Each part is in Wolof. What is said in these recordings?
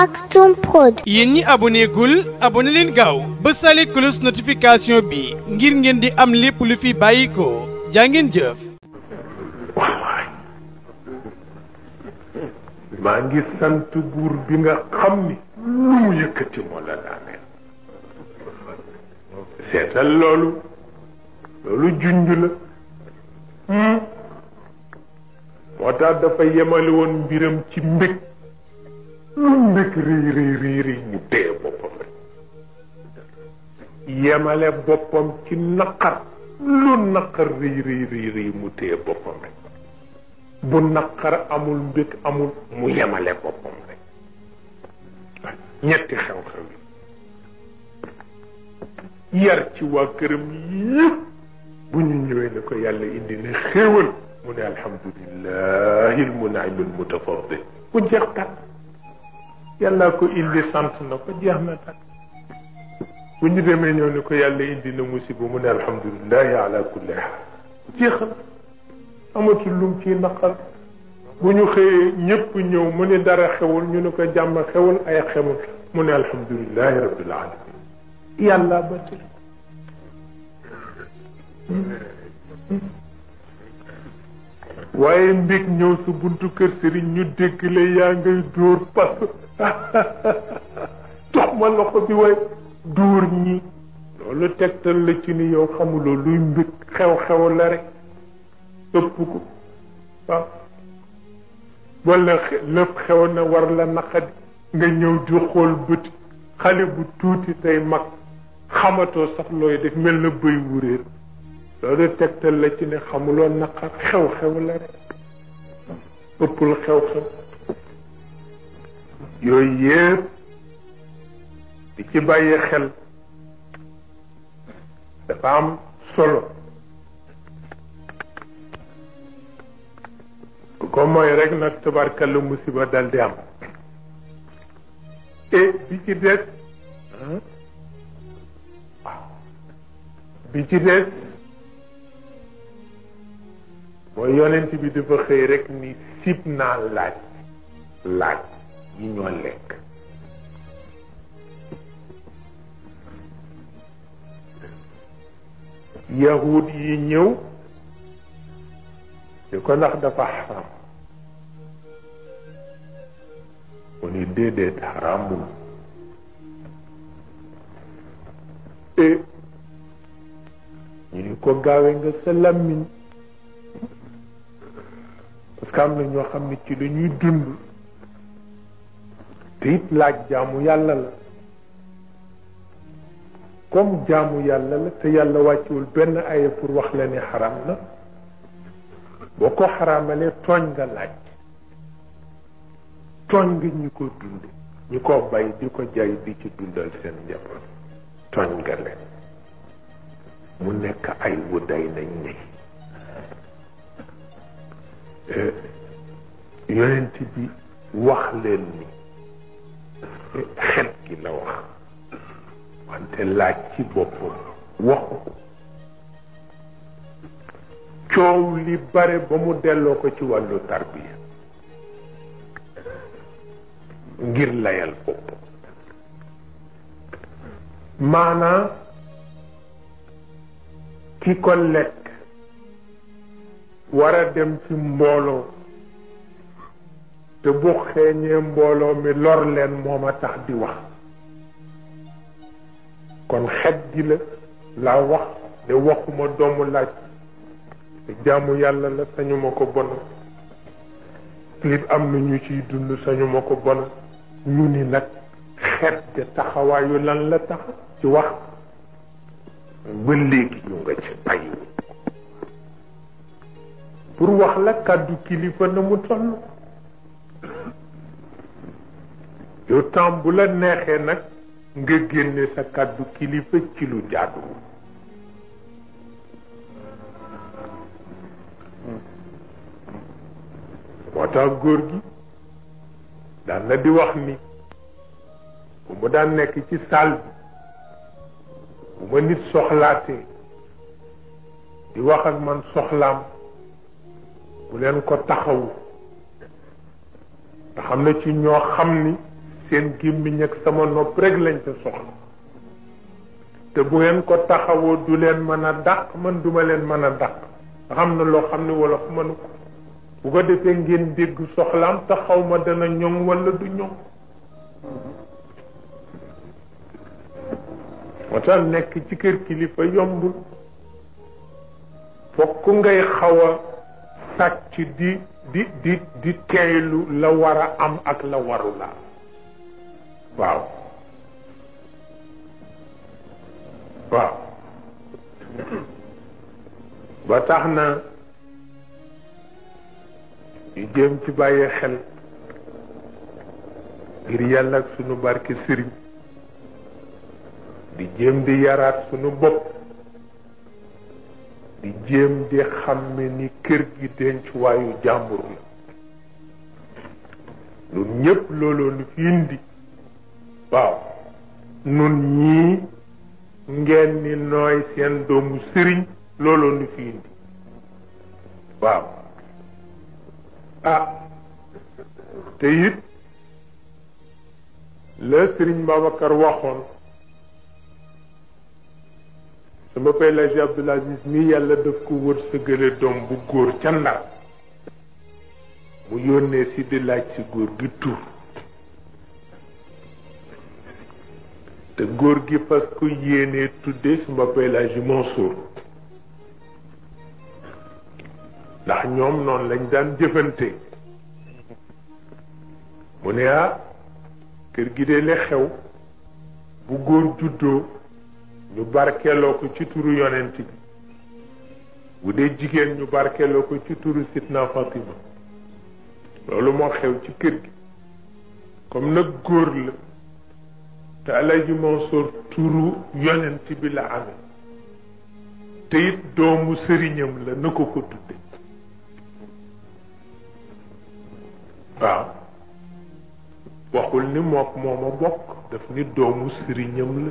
Maktoum Prod yéen ñi abonné gul abonné leen gaaw salé cloche notification bi ngir ngeen di am lépp lu fi bayiko. ko jëf Ma ngi sant buur bi nga xamni lu mu yëkëti mo la daaneel Sétal lolu. Lolu junj la hmm? moo da dafa yemal won mbiram ci mbég nekk rëy rëy rëy rëy mu dee boppam rek yemale boppam ci naqar lu naqar rëy rëy rëy rëy mu téye boppam rek bu naqar amul mbég amul mu yemale boppam rek ñetti xew-xew yi yar ci waa këram yëpp bu ñu ñëwee ne ko yàlla indi ne xéewal mu ne alhamdulillahi almunaim almutafadil mu jeex tàkk yàlla ko indi sant na ko jeex na tak bu ñu demee ñëw ni ko yàlla indi na musiba mu ne alhamdulilahi ala kulli haal jeexal amatul lum ciy naqar bu ñu xëyee ñëpp ñëw mu ne dara xewul ñu ne ko jàmm xewul ay xewul mu ne alhamdulilahi rabbil alamin yàlla ba waaye mbég ñëw su buntu kër sëriñ ñu dégg la yaa ngay dóor pas jox ma loxo bi waaye dóor ñi loolu tegtal la ci ni yow xamuloo luy mbég xew-xew la rekk ëpp ko waaw wala xew na war la naqadi nga ñëw di xool bëti xale bu tuuti tey mag xamatoo sax looy def mel na bëy wuréer loolu tegtal la ci ne xamuloon naqar xew-xew la rek ëppul xew-xew yooyu yëpp di ci bàyyi xel dafa am solo bu ko moy rek nag tabarkalla musiba dal di am et bi ci des ah. bi ci des mooy yonent bi dafa xëy rekk ni sib naa laaj laaj yi ñoo lekk yahud yi ñëw di ko ndax dafa xaram mu ni déedéet xaramul eh, ñu ni ko gaawe nga sa làmmiñ parce am na ñoo xam ne ci dañuy dund te it laaj jaamu yàlla la comme jaamu yàlla la te yàlla wàccewul benn aye pour wax la ni xaram na boo ko xaraamalee tooñ nga laaj tooñ nga ñi ko dund ñi ko bay di ko jaay di ci dundal seen njaboot tooñ nga leen mu nekk ay wu day nañ ne Eh, yonent bi wax leen ni xet gi la wax wante laaj ci boppam waxu coow li bare ba mu delloo ko ci wàllu tarbiya ngir layal boppam maanaam ki ko lekk wara a dem ci mbooloo te bu xeeñee mbooloo mi lor leen moom a tax di wax kon xet gi la laa wax de waxuma doomu laaj jaamu yàlla la sañuma ko bon clip am na ñu ciy dund sañu ma ko bon ñu ni nag xet de taxawaayu lan la tax ci wax ba léegi ñu nga ci payi pour wax la kàddu kilifa na mu toll yow temps bu la neexee nag nga génne sa kàddu kilifa ci lu jaadu moo tax góor gi daan na di wax ni bu mu daan nekk ci saal bi bu ma nit soxlaatee di wax ak man soxlaam bu leen ko taxawu te xam na ci ñoo xam ni seen gémmiñ ak sama nopp rekk lañ te soxla te bu ngeen ko taxawoo du leen mën a dàq mën duma leen mën a dàq xam na loo xam ne wala fu mënu ko bu ko defee ngeen dégg soxlaam te xaw ma dana ñoŋ wala du ñoŋ moo tax nekk ci kër kilifa yombul fokk ngay xaw a sàcc di di di di teeylu la war a am ak la waru waaw waaw ba tax na ñu jéem ci bàyyi xel ngir yàlla ak sunu barke sëriñ di jéem di yaraat sunu bopp jéem di xàmme ni kër gi dencuwaayu jàmbur la nun ñépp looloo nu fi indi waaw nun ñii ngeen ni nooy seen doomu sëriñ looloo nu fi indi waaw ah te it la sëriñ Babacar waxoon sama pay la si Abdoul yàlla daf ko wër sa doom bu góor ca Ndar mu yónnee si laaj si góor gi tur te góor gi fas ko yéenee tuddee sama pay la si Mansour ndax ñoom noonu lañ daan jëfante mu ne ah kër gi de la bu góor juddoo ñu barkeloo ko ci turu yonent bi bu dee jigéen ñu barkeloo ko ci turu sitna Fatima loolu moo xew ci kër gi comme nag góor la te Alaaji Mansour turu yonent bi la amee te doomu sëriñam la na ko ko tudde waaw waxul ni mook mooma bokk daf ni doomu sëriñam la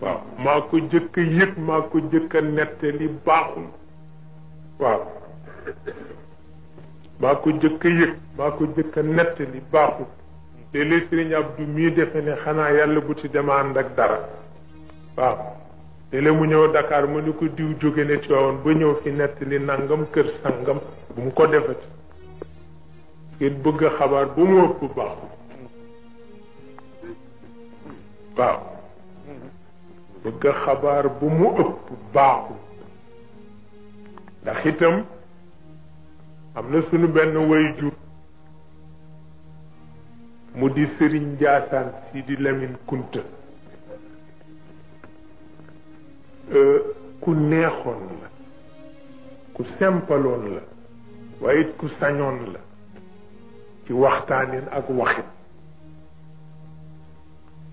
waaw maa ko jëkk a yëg maa ko jëkk nettali baaxul waaw maa ko jëkk yëg maa ko jëkk nettali baaxul te léegi sëriñ Abdu defe ne xanaa yàlla bu ci dema ànd ak dara waaw te mu ñëw Dakar mu ni ko diw jóge ne Tiwaawan ba ñëw fi nettali nangam kër sangam bu mu ko defati ngeen bëgg xabaar bu mu ëpp baaxul waaw bëgg xabaar bu mu ëpp baaxul ndax itam am na sunu benn way jur mu di sëriñ njaasaan si di lamin kunta ku neexoon la ku sempaloon la waaye it ku sañoon la ci waxtaanin ak waxit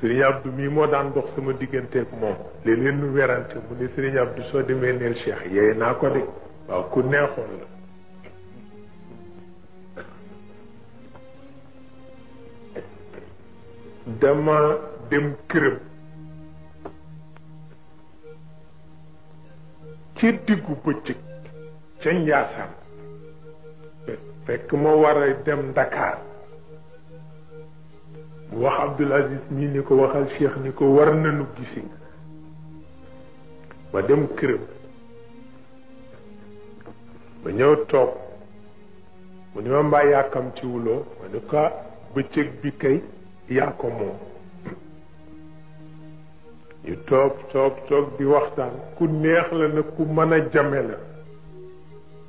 sëriñ Abdou mii moo daan dox sama digganteeg moom léeg-léeg nu werante mu ne sëriñ Abdou soo demee neel Cheikh yee naa ko de waaw ku neexoon la dama dem këram ci diggu bëccëg ca Njaasaan fekk ma war a dem Ndakaar wax Abdul Aziz mii ni ko waxal Cheikh ni ko war nañu gisi ma dem këram ba ñëw toog mu ni ma mbaa yàkkam ma ni ko bëccëg bi kay yaa ko moom ñu toog toog toog di waxtaan ku neex la na ku mën a jame la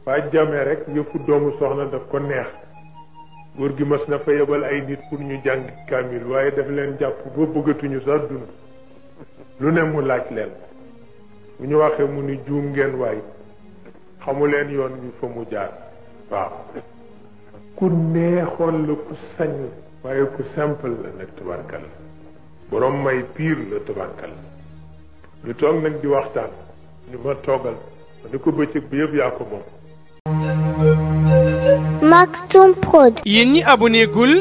waa jame rek yëfu doomu soxna daf ko neex góor gi mës na fa yebal ay nit pour ñu jàng kaamil waaye daf leen jàpp ba bëggatuñu sax dund lu ne mu laaj leen bu ñu waxee mu ni juum ngeen waay xamu leen yoon wi fa mu jaar waaw ku neexoon la ku sañ waaye ku simple la nag tabarkal la borom may piir la tabarkal la ñu toog nag di waxtaan ñu ma toogal ma ni ko bëccëg bi yëpp yaa ko moom Maktoum Prod. yéen ñi aboné gul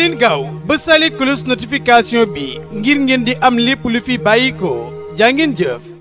leen gaaw ba sale cloche notification bi ngir ngeen di am lépp lu fi bàyyi ko jaa ngeen jëf.